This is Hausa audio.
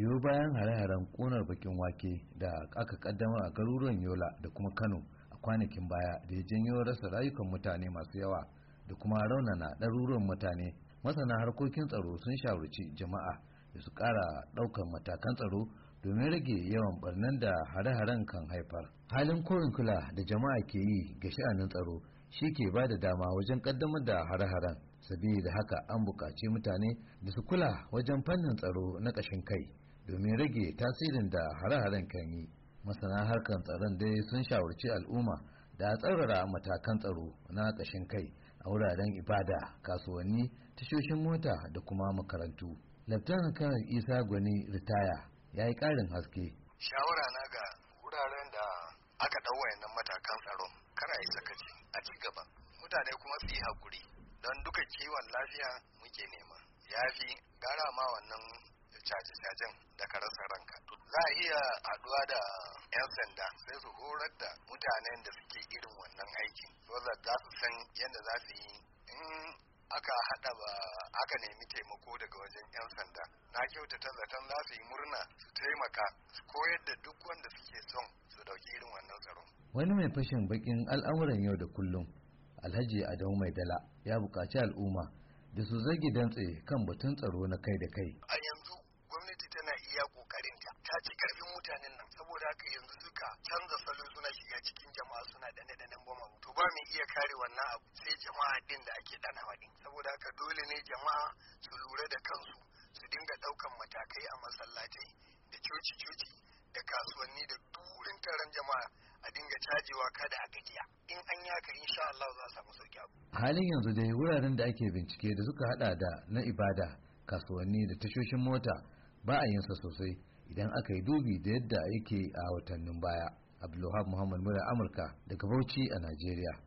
biyo bayan hare-haren ƙonar bakin wake da aka kaddamar a garuruwan yola da kuma kano a kwanakin baya da ya janyo rasa rayukan mutane masu yawa da kuma raunana ɗaruruwan mutane masana harkokin tsaro sun shawarci jama'a da su ƙara ɗaukar matakan tsaro domin rage yawan barnan da hare-haren kan haifar halin koyon kula da jama'a ke yi ga sha'anin tsaro shi ke ba da dama wajen kaddamar da hare-haren sabi da haka an buƙaci mutane da su kula wajen fannin tsaro na ƙashin kai domin rage tasirin da hare-haren kan yi masana harkar tsaron dai sun shawarci al'umma da a tsarara matakan tsaro na ƙashin kai a wuraren ibada kasuwanni tashoshin mota da kuma makarantu laftanar kanar isa gwani ritaya ya yi ƙarin haske shawara na ga wuraren da aka ɗau yannan matakan tsaro kar a yi sakaci a ci gaba mutane kuma su yi haƙuri don duka kiwon lafiya muke nema ya fi gara ma wannan caje-cajen da ka rasa ranka za a iya haɗuwa da 'yan sanda sai su horar da mutanen da suke irin wannan aikin so za su san yadda za su yi in aka haɗa ba aka nemi taimako daga wajen 'yan sanda na kyautata zaton za su yi murna su taimaka su koyar da duk wanda suke son su dauki irin wannan tsaro. wani mai fashin bakin al'amuran yau da kullum alhaji adamu Maidala ya buƙaci al'umma da su zage dantse kan batun tsaro na kai da kai a suka canza salo suna shiga cikin jama'a suna dane dane goma to ba mu iya kare wannan abu sai jama'a din da ake dana din saboda haka dole ne jama'a su lura da kansu su dinga daukan matakai a masallatai da coci-coci da kasuwanni da turin taron jama'a a dinga cajewa kada a gajiya in an yaka insha Allah za su samu sauki abu halin yanzu dai wuraren da ake bincike da suka hada da na ibada kasuwanni da tashoshin mota ba a yin sa sosai idan aka yi dubi da yadda yake a watannin baya abdulwahab muhammad mura amurka daga bauchi a najeriya